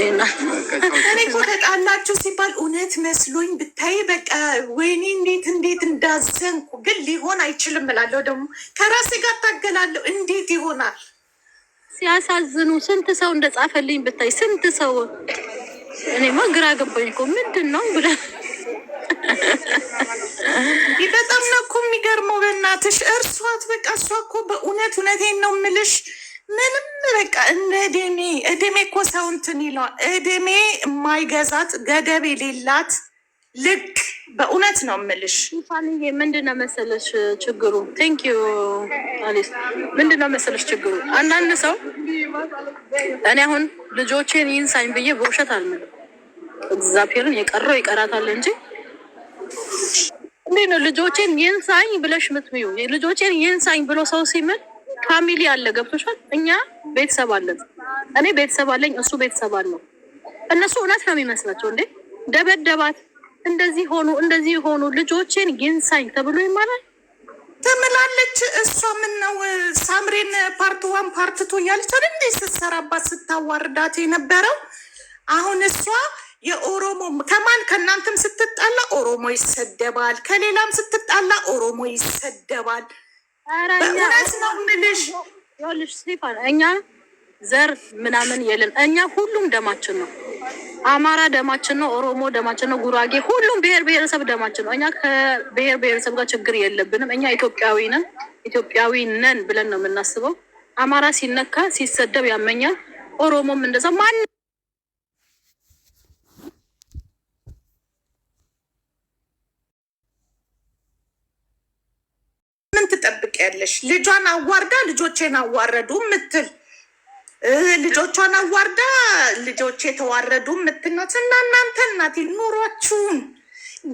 እኔ እኮ ተጣላችሁ ሲባል እውነት መስሎኝ ብታይ በቃ ወይኔ እንዴት እንዴት እንዳዘንኩ። ግን ሊሆን አይችልም እላለሁ። ደግሞ ከራሴ ጋር ታገላለሁ። እንዴት ይሆናል? ሲያሳዝኑ ስንት ሰው እንደጻፈልኝ ብታይ ስንት ሰው እኔማ ግራ ገባኝ እኮ ምንድን ነው ብላ በጣም ነው እኮ የሚገርመው። በእናትሽ እርሷት በቃ እሷ እኮ በእውነት እውነቴን ነው ምልሽ ምንም በቃ እንደ እድሜ እድሜ እኮ ሰው እንትን ይለዋል። እድሜ የማይገዛት ገደብ የሌላት ልክ በእውነት ነው የምልሽ። ፋንዬ ምንድነው መሰለሽ ችግሩ ቴንክ ዩ አሌስ ምንድነው መሰለሽ ችግሩ አንዳንድ ሰው እኔ አሁን ልጆቼን ይንሳኝ ብዬ በውሸት አልምልም። እግዚአብሔርን የቀረው ይቀራታል እንጂ እንዴ ነው ልጆቼን ይንሳኝ ብለሽ ምትምዩ ልጆቼን ይንሳኝ ብሎ ሰው ሲምል ፋሚሊ አለ ገብቶሻል። እኛ ቤተሰብ አለን። እኔ ቤተሰብ አለኝ፣ እሱ ቤተሰብ አለው። እነሱ እውነት ነው የሚመስላቸው። እንዴ ደበደባት፣ እንደዚህ ሆኑ፣ እንደዚህ ሆኑ፣ ልጆቼን ይንሳኝ ተብሎ ይማላል ትምላለች። እሷ ምን ነው ሳምሬን ፓርት ዋን ፓርት ቱ እያለች አለ እንዴ ስትሰራባት ስታዋርዳት የነበረው አሁን እሷ የኦሮሞ ከማን ከእናንተም ስትጣላ ኦሮሞ ይሰደባል፣ ከሌላም ስትጣላ ኦሮሞ ይሰደባል። እኛ ዘር ምናምን የለን። እኛ ሁሉም ደማችን ነው። አማራ ደማችን ነው። ኦሮሞ ደማችን ነው። ጉራጌ፣ ሁሉም ብሔር ብሔረሰብ ደማችን ነው። እኛ ከብሔር ብሔረሰብ ጋር ችግር የለብንም። እኛ ኢትዮጵያዊ ነን፣ ኢትዮጵያዊ ነን ብለን ነው የምናስበው። አማራ ሲነካ ሲሰደብ ያመኛል። ኦሮሞም እንደዛ ማን ታያለሽ። ልጇን አዋርዳ ልጆቼን አዋረዱ ምትል ልጆቿን አዋርዳ ልጆቼ የተዋረዱ ምትናት እና እናንተ እናት ኑሯችሁን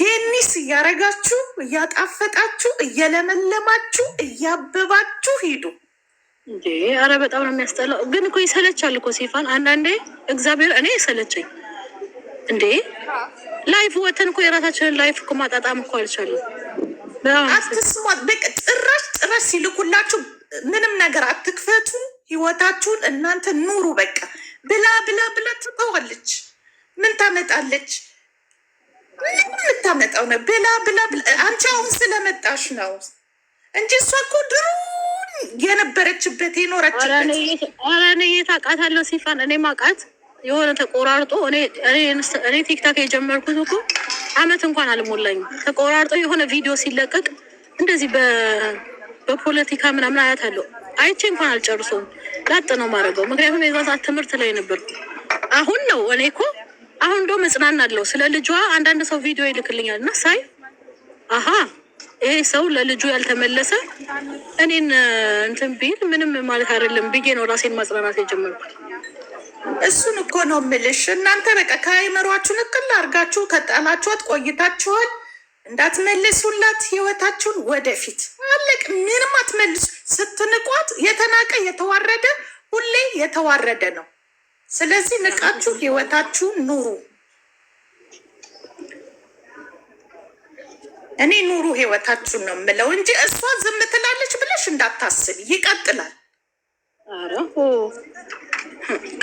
ጌኒስ እያረጋችሁ እያጣፈጣችሁ እየለመለማችሁ እያበባችሁ ሂዱ። አረ በጣም ነው የሚያስጠላው። ግን እኮ ይሰለቻል እኮ ሲፋን አንዳንዴ እግዚአብሔር እኔ ይሰለቸኝ እንዴ ላይፍ ወተን እኮ የራሳችንን ላይፍ እኮ ማጣጣም እኮ አልቻለም። አትስሟት። በቃ ጭራሽ ጭራሽ ሲልኩላችሁ ምንም ነገር አትክፈቱ፣ ህይወታችሁን እናንተ ኑሩ በቃ ብላ ብላ ብላ ትተዋለች። ምን ታመጣለች? ምን የምታመጣው ነው? ብላ ብላ አንቺ አሁን ስለመጣሽ ነው እንጂ እሷ እኮ ድሮ የነበረችበት የኖረችበት። ኧረ እኔ የት ሲፋን፣ እኔ ማውቃት የሆነ ተቆራርጦ እኔ ቲክታክ የጀመርኩት እኮ አመት እንኳን አልሞላኝም። ተቆራርጦ የሆነ ቪዲዮ ሲለቀቅ እንደዚህ በፖለቲካ ምናምን አያታለሁ። አይቼ እንኳን አልጨርሶም ላጥ ነው ማድረገው። ምክንያቱም የዛ ሰዓት ትምህርት ላይ ነበርኩ። አሁን ነው እኔ እኮ አሁን ዶ መጽናና አለው። ስለ ልጇ አንዳንድ ሰው ቪዲዮ ይልክልኛል እና ሳይ አሀ ይሄ ሰው ለልጁ ያልተመለሰ እኔን እንትን ቢል ምንም ማለት አይደለም ብዬ ነው ራሴን ማጽናናት የጀመርኩት። እሱን እኮ ነው የምልሽ። እናንተ በቃ ከአይምሯችሁን እቅል አርጋችሁ ከጣላችኋት ቆይታችኋል። እንዳትመልሱላት ህይወታችሁን ወደፊት አለቅ። ምንም አትመልሱ። ስትንቋት የተናቀ የተዋረደ ሁሌ የተዋረደ ነው። ስለዚህ ንቃችሁ ህይወታችሁን ኑሩ። እኔ ኑሩ ህይወታችሁን ነው የምለው እንጂ እሷ ዝም ትላለች ብለሽ እንዳታስብ። ይቀጥላል።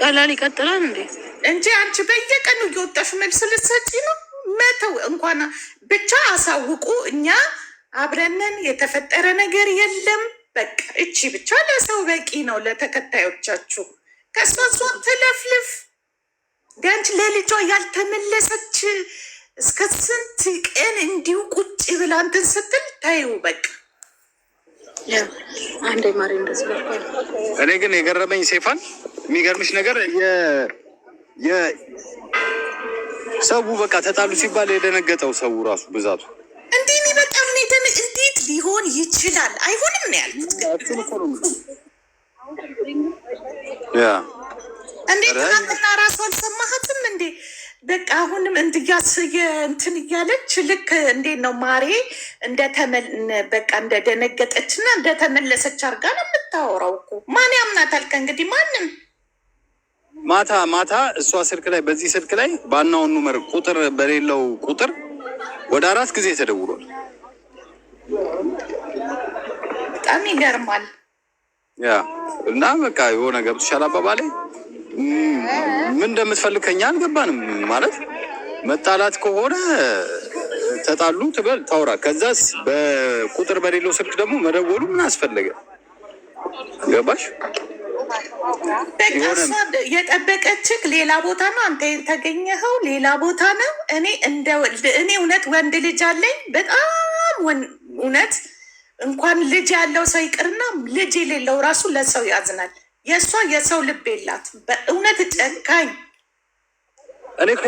ቀላል ይቀጥላል እንዴ እንጂ አንቺ በየቀኑ እየወጣሽ መልስ ልትሰጪ ነው። መተው እንኳን ብቻ አሳውቁ። እኛ አብረንን የተፈጠረ ነገር የለም። በቃ እቺ ብቻ ለሰው በቂ ነው። ለተከታዮቻችሁ ከእሷ እሷን ትለፍልፍ። ቢያንቺ ለልጇ ያልተመለሰች እስከ ስንት ቀን እንዲሁ ቁጭ ብላ እንትን ስትል ታዩ በቃ እኔ ግን የገረመኝ ሴፋን የሚገርምሽ ነገር ሰው በቃ ተጣሉ ሲባል የደነገጠው ሰው ራሱ ብዛቱ እንዲህ እኔ በጣም እንዴት ሊሆን ይችላል? አይሆንም ነው ያልኩት። እንዴት ትናንትና ራሱ አልሰማሃትም እንዴ? በቃ አሁንም እንድያስ እንትን እያለች ልክ እንዴት ነው ማሬ በቃ እንደደነገጠች እና እንደተመለሰች አርጋ ነው የምታወራው እኮ ማን ያምናታል? ከእንግዲህ ማንም ማታ ማታ እሷ ስልክ ላይ በዚህ ስልክ ላይ ባናውን ኑመር ቁጥር በሌለው ቁጥር ወደ አራት ጊዜ ተደውሏል። በጣም ይገርማል። ያ እና በቃ የሆነ ገብቶሻል አባባሌ ምን እንደምትፈልግ ከኛ አልገባንም። ማለት መጣላት ከሆነ ተጣሉ ትበል ታውራ። ከዛስ በቁጥር በሌለው ስልክ ደግሞ መደወሉ ምን አስፈለገ? ገባሽ? የጠበቀችህ ሌላ ቦታ ነው። አንተ የተገኘኸው ሌላ ቦታ ነው። እኔ እንደ እኔ እውነት ወንድ ልጅ አለኝ። በጣም እውነት እንኳን ልጅ ያለው ሰው ይቅርና ልጅ የሌለው ራሱ ለሰው ያዝናል። የእሷ የሰው ልብ የላት። በእውነት ጨካኝ። እኔ እኮ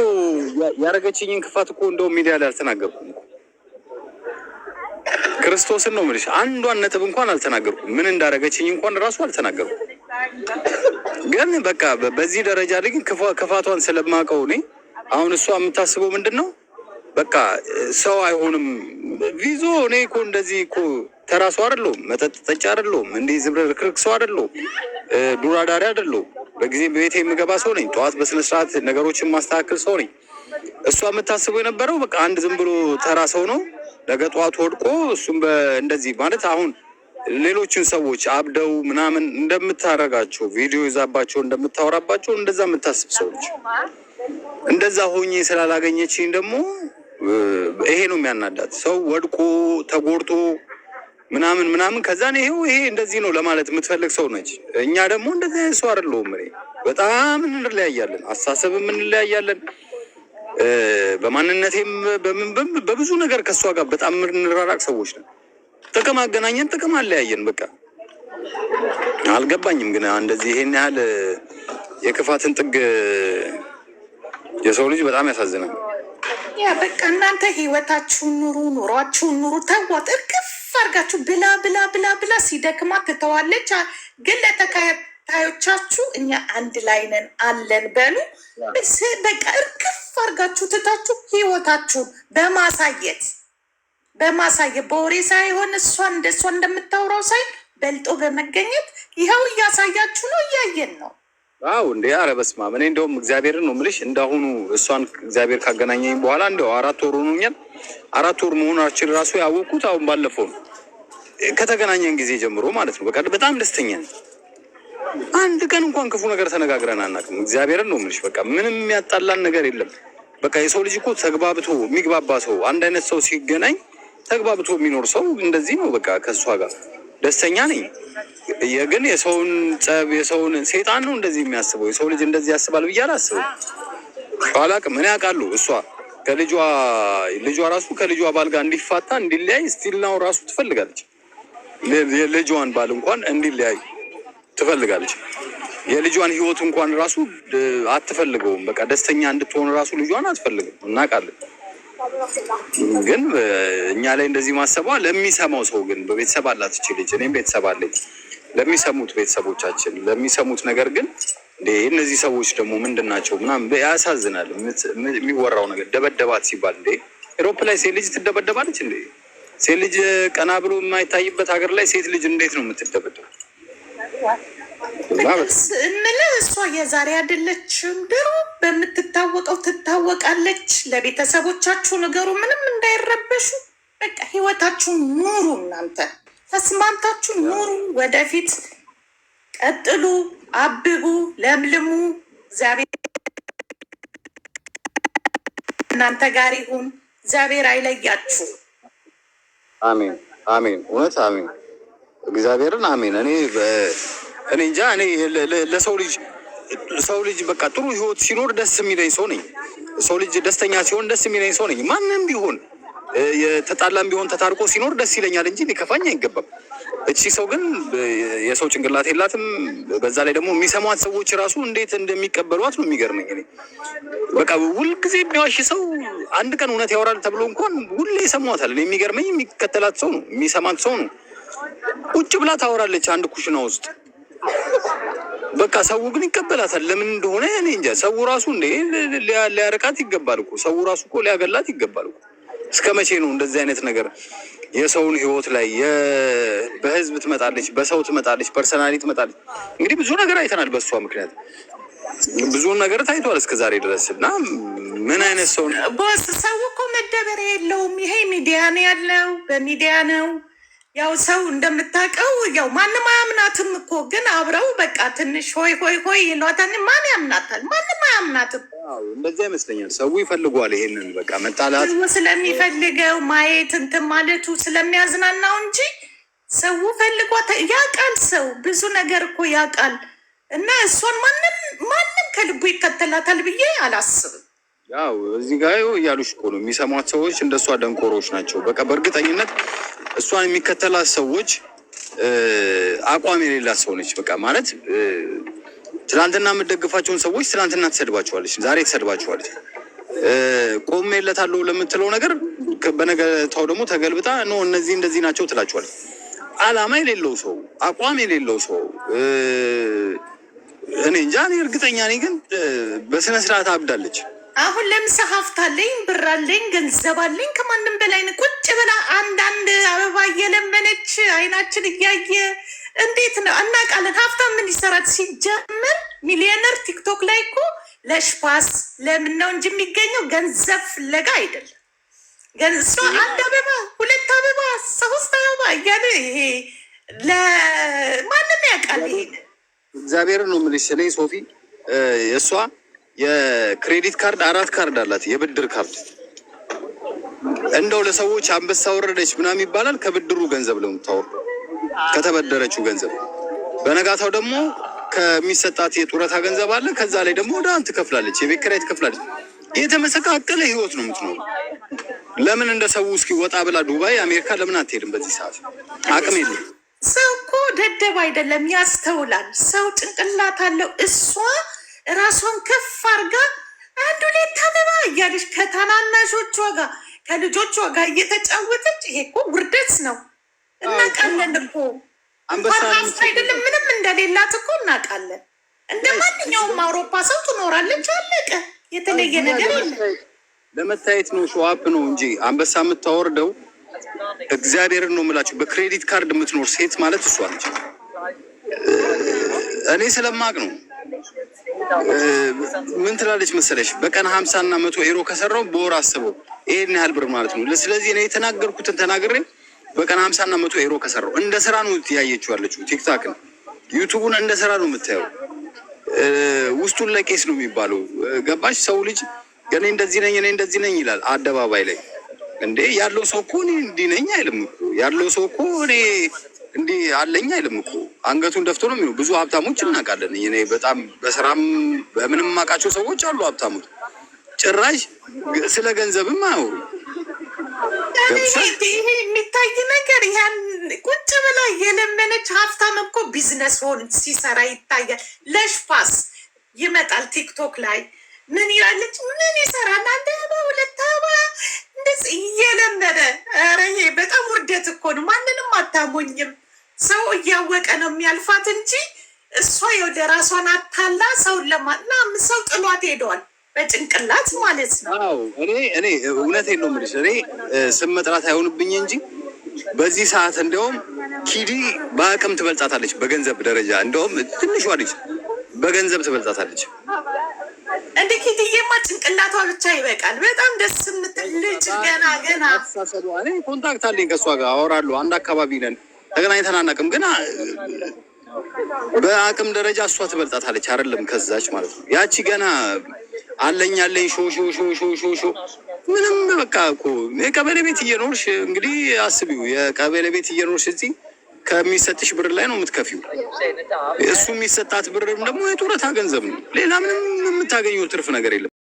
ያደረገችኝን ክፋት እኮ እንደውም ሚዲያ ላይ አልተናገርኩም። ክርስቶስን ነው የምልሽ። አንዷን ነጥብ እንኳን አልተናገርኩም። ምን እንዳደረገችኝ እንኳን ራሱ አልተናገርኩም። ግን በቃ በዚህ ደረጃ ላይ ግን ክፋቷን ስለማውቀው እኔ አሁን እሷ የምታስበው ምንድን ነው? በቃ ሰው አይሆንም ቪዞ። እኔ እኮ እንደዚህ እኮ ተራ ሰው አይደለሁም። መጠጥ ጠጭ አይደለሁም። እንዲህ ዝብርክርክ ሰው አይደለሁም። ዱር አዳሪ አይደለሁም። በጊዜ ቤት የምገባ ሰው ነኝ። ጠዋት በስነስርዓት ነገሮችን ማስተካከል ሰው ነኝ። እሷ የምታስበው የነበረው በቃ አንድ ዝም ብሎ ተራ ሰው ነው፣ ነገ ጠዋት ወድቆ እሱም እንደዚህ ማለት አሁን ሌሎችን ሰዎች አብደው ምናምን እንደምታረጋቸው ቪዲዮ ይዛባቸው እንደምታወራባቸው እንደዛ የምታስብ ሰዎች እንደዛ ሆኜ ስላላገኘችኝ ደግሞ ይሄ ነው የሚያናዳት። ሰው ወድቆ ተጎድቶ ምናምን ምናምን ከዛን ይሄው ይሄ እንደዚህ ነው ለማለት የምትፈልግ ሰው ነች። እኛ ደግሞ እንደዚህ ሰው አይደለሁም። እኔ በጣም እንለያያለን፣ አስተሳሰብም እንለያያለን። በማንነቴም በብዙ ነገር ከእሷ ጋር በጣም እንራራቅ ሰዎች ነን። ጥቅም አገናኘን፣ ጥቅም አለያየን። በቃ አልገባኝም። ግን እንደዚህ ይሄን ያህል የክፋትን ጥግ የሰው ልጅ በጣም ያሳዝናል። ያ በቃ እናንተ ህይወታችሁን ኑሩ፣ ኑሯችሁን ኑሩ። ተወት እርግፍ አድርጋችሁ ብላ ብላ ብላ ብላ ሲደክማ ትተዋለች። ግን ለተከታዮቻችሁ እኛ አንድ ላይ ነን አለን በሉ። በቃ እርግፍ አድርጋችሁ ትታችሁ ህይወታችሁን በማሳየት በማሳየት በወሬ ሳይሆን እሷን እንደሷ እንደምታውራው ሳይሆን በልጦ በመገኘት ይኸው እያሳያችሁ ነው፣ እያየን ነው። አው እንዴ አረ በስመ አብ እኔ እንደውም እግዚአብሔርን ነው የምልሽ እንዳሁኑ እሷን እግዚአብሔር ካገናኘኝ በኋላ እንደው አራት ወር ሆኖኛል። አራት ወር መሆናችን ራሱ ያወቅኩት አሁን ባለፈው ነው ከተገናኘን ጊዜ ጀምሮ ማለት ነው። በቃ በጣም ደስተኛ ነኝ። አንድ ቀን እንኳን ክፉ ነገር ተነጋግረን አናውቅም። እግዚአብሔርን ነው የምልሽ በቃ ምንም የሚያጣላን ነገር የለም። በቃ የሰው ልጅ እኮ ተግባብቶ የሚግባባ ሰው አንድ አይነት ሰው ሲገናኝ ተግባብቶ የሚኖር ሰው እንደዚህ ነው በቃ ከእሷ ጋር ደስተኛ ነኝ። ግን የሰውን ጸብ የሰውን ሴጣን ነው እንደዚህ የሚያስበው የሰው ልጅ እንደዚህ ያስባል ብዬ አላስብም። አላቅም እኔ ያውቃሉ። እሷ ከልጇ ልጇ ራሱ ከልጇ ባል ጋር እንዲፋታ እንዲለያይ ስቲልናው ራሱ ትፈልጋለች። የልጇን ባል እንኳን እንዲለያይ ትፈልጋለች። የልጇን ህይወት እንኳን ራሱ አትፈልገውም። በቃ ደስተኛ እንድትሆን ራሱ ልጇን አትፈልግም። እናውቃለን። ግን እኛ ላይ እንደዚህ ማሰቧ ለሚሰማው ሰው ግን በቤተሰብ አላት እች ልጅ፣ እኔም ቤተሰብ አለኝ። ለሚሰሙት ቤተሰቦቻችን ለሚሰሙት ነገር ግን እነዚህ ሰዎች ደግሞ ምንድን ናቸው ምናምን ያሳዝናል። የሚወራው ነገር ደበደባት ሲባል እንዴ ኤሮፕ ላይ ሴት ልጅ ትደበደባለች እንዴ? ሴት ልጅ ቀና ብሎ የማይታይበት ሀገር ላይ ሴት ልጅ እንዴት ነው የምትደበደበው? እምልህ እሷ የዛሬ አይደለችም። ድሮ በምትታወቀው ትታወቃለች። ለቤተሰቦቻችሁ ነገሩ ምንም እንዳይረበሹ። በቃ ህይወታችሁ ኑሩ። እናንተ ተስማምታችሁ ኑሩ። ወደፊት ቀጥሉ፣ አብቡ፣ ለምልሙ። እግዚአብሔር እናንተ ጋር ይሁን። እግዚአብሔር አይለያችሁ። አሜን፣ አሜን። እውነት አሜን። እግዚአብሔርን አሜን። እኔ እኔ እንጃ። እኔ ለሰው ልጅ ሰው ልጅ በቃ ጥሩ ህይወት ሲኖር ደስ የሚለኝ ሰው ነኝ። ሰው ልጅ ደስተኛ ሲሆን ደስ የሚለኝ ሰው ነኝ። ማንም ቢሆን የተጣላም ቢሆን ተታርቆ ሲኖር ደስ ይለኛል እንጂ ሊከፋኝ አይገባም። እቺ ሰው ግን የሰው ጭንቅላት የላትም። በዛ ላይ ደግሞ የሚሰሟት ሰዎች ራሱ እንዴት እንደሚቀበሏት ነው የሚገርመኝ። እኔ በቃ ሁልጊዜ የሚዋሽ ሰው አንድ ቀን እውነት ያወራል ተብሎ እንኳን ሁሌ ይሰሟታል። የሚገርመኝ የሚከተላት ሰው ነው የሚሰማት ሰው ነው። ቁጭ ብላ ታወራለች አንድ ኩሽና ውስጥ በቃ ሰው ግን ይቀበላታል። ለምን እንደሆነ እኔ እንጃ። ሰው ራሱ እንዴ ሊያርቃት ይገባል እኮ ሰው ራሱ እኮ ሊያገላት ይገባል እኮ። እስከ መቼ ነው እንደዚህ አይነት ነገር የሰውን ህይወት ላይ በህዝብ ትመጣለች፣ በሰው ትመጣለች፣ ፐርሰናሊ ትመጣለች። እንግዲህ ብዙ ነገር አይተናል። በእሷ ምክንያት ብዙ ነገር ታይቷል እስከ ዛሬ ድረስ እና ምን አይነት ሰው ነው ቦስ? ሰው እኮ መደበሪያ የለውም። ይሄ ሚዲያ ነው ያለው፣ በሚዲያ ነው ያው ሰው እንደምታውቀው ያው ማንም አያምናትም እኮ ግን አብረው በቃ ትንሽ ሆይ ሆይ ሆይ ይሏታል። ማን ያምናታል? ማንም አያምናትም። እንደዚህ ይመስለኛል ሰው ይፈልጓል። ይሄንን በቃ መጣላት ስለሚፈልገው ማየት እንትን ማለቱ ስለሚያዝናናው እንጂ ሰው ፈልጓ ያውቃል። ሰው ብዙ ነገር እኮ ያውቃል። እና እሷን ማንም ማንም ከልቡ ይከተላታል ብዬ አላስብም። ያው እዚህ ጋር እያሉሽ እኮ ነው የሚሰሟት ሰዎች እንደሷ ደንቆሮች ናቸው። በቃ በእርግጠኝነት እሷን የሚከተላት ሰዎች አቋም የሌላት ሰው ነች። በቃ ማለት ትናንትና የምደግፋቸውን ሰዎች ትናንትና ትሰድባቸዋለች፣ ዛሬ ትሰድባቸዋለች። ቆሜለታለሁ ለምትለው ነገር በነገታው ደግሞ ተገልብጣ ኖ እነዚህ እንደዚህ ናቸው ትላቸዋለች። አላማ የሌለው ሰው፣ አቋም የሌለው ሰው እኔ እንጃ እርግጠኛ ነኝ ግን በስነስርዓት አብዳለች። አሁን ለምሳ ሀፍታለኝ ብራለኝ ገንዘባለኝ ከማንም በላይ ቁጭ ብላ አንዳንድ አበባ እየለመነች አይናችን እያየ እንዴት ነው እናውቃለን። ሀብታም ምን ይሰራት? ሲጀምር ሚሊዮነር ቲክቶክ ላይ እኮ ለሽፋስ ለምን ነው እንጂ የሚገኘው ገንዘብ ፍለጋ አይደለም። እሷ አንድ አበባ ሁለት አበባ ሶስት አበባ እያለ ይሄ ለማንም ያውቃል። ይሄ እግዚአብሔር ነው የምልሽ። ስለ ሶፊ እሷ የክሬዲት ካርድ አራት ካርድ አላት፣ የብድር ካርድ እንደው ለሰዎች አንበሳ ወረደች ምናምን ይባላል። ከብድሩ ገንዘብ ነው የምታወርደው፣ ከተበደረችው ገንዘብ። በነጋታው ደግሞ ከሚሰጣት የጡረታ ገንዘብ አለ። ከዛ ላይ ደግሞ ወደ አንድ ትከፍላለች፣ የቤት ኪራይ ትከፍላለች። የተመሰቃቀለ ህይወት ነው የምትኖሩ። ለምን እንደ ሰው እስኪ ወጣ ብላ ዱባይ፣ አሜሪካ ለምን አትሄድም? በዚህ ሰዓት አቅም የለም። ሰው እኮ ደደብ አይደለም፣ ያስተውላል። ሰው ጭንቅላት አለው እሷ ራሷን ከፍ አርጋ አንድ ሁኔታ እያለች ከታናናሾቿ ጋር ከልጆቿ ጋር እየተጫወተች ይሄ እኮ ውርደት ነው። እናቃለን እኮ አይደለም ምንም እንደሌላት እኮ እናውቃለን። እንደ ማንኛውም አውሮፓ ሰው ትኖራለች። አለቀ። የተለየ ነገር የለም። ለመታየት ነው፣ ሸዋፕ ነው እንጂ አንበሳ የምታወርደው እግዚአብሔርን ነው የምላቸው። በክሬዲት ካርድ የምትኖር ሴት ማለት እሷ ነች። እኔ ስለማቅ ነው ምን ትላለች መሰለሽ? በቀን ሀምሳ እና መቶ ኤሮ ከሰራው በወር አስበው ይሄን ያህል ብር ማለት ነው። ስለዚህ እኔ የተናገርኩትን ተናግሬ በቀን ሀምሳ እና መቶ ኤሮ ከሰራው እንደ ስራ ነው ያየችዋለች። ቲክታክን ዩቱቡን እንደ ስራ ነው የምታየው። ውስጡን ለቄስ ነው የሚባለው። ገባሽ? ሰው ልጅ እኔ እንደዚህ ነኝ እኔ እንደዚህ ነኝ ይላል አደባባይ ላይ እንዴ ያለው ሰው እኮ እኔ እንዲህ ነኝ አይልም። ያለው ሰው እኮ እኔ እንዲህ አለኝ አይልም እኮ አንገቱን ደፍቶ ነው የሚሆነው። ብዙ ሀብታሞች እናውቃለን። እኔ በጣም በስራም በምንም የማውቃቸው ሰዎች አሉ ሀብታሞች። ጭራሽ ስለ ገንዘብም አያወሩ። ይሄ የሚታይ ነገር ያን ቁጭ ብላ የለመነች ሀብታም እኮ ቢዝነስ ሆን ሲሰራ ይታያል። ለሽፋስ ይመጣል ቲክቶክ ላይ ምን ይላለች? ምን ይሰራል? አንድ አበባ ሁለት አበባ እንደዚህ እየለመነ ኧረ ይሄ በጣም ውርደት እኮ ነው። ማንንም አታሞኝም። ሰው እያወቀ ነው የሚያልፋት እንጂ እሷ የወደ ራሷን አታላ ሰውን ለማና ሰው ጥሏት ሄደዋል። በጭንቅላት ማለት ነው። እኔ እኔ እውነቴን ነው የምልሽ። እኔ ስም መጥራት አይሆንብኝ እንጂ በዚህ ሰዓት እንደውም ኪዲ በአቅም ትበልጣታለች፣ በገንዘብ ደረጃ እንደውም ትንሿ ልጅ በገንዘብ ትበልጣታለች። እንደ ኪዲዬማ ጭንቅላቷ ብቻ ይበቃል። በጣም ደስ የምትል ልጅ ገና ገና። ኮንታክት አለኝ ከእሷ ጋር አወራለሁ። አንድ አካባቢ ነን ተገናኝተን አናውቅም፣ ግን በአቅም ደረጃ እሷ ትበልጣታለች። አይደለም ከዛች ማለት ነው። ያቺ ገና አለኝ አለኝ ሾ ሾ ሾ ሾ ሾ ሾ ምንም በቃ እኮ የቀበሌ ቤት እየኖርሽ እንግዲህ አስቢው፣ የቀበሌ ቤት እየኖርሽ እዚህ ከሚሰጥሽ ብር ላይ ነው የምትከፊው። እሱ የሚሰጣት ብርም ደግሞ የጡረታ ገንዘብ ነው። ሌላ ምንም የምታገኘው ትርፍ ነገር የለም።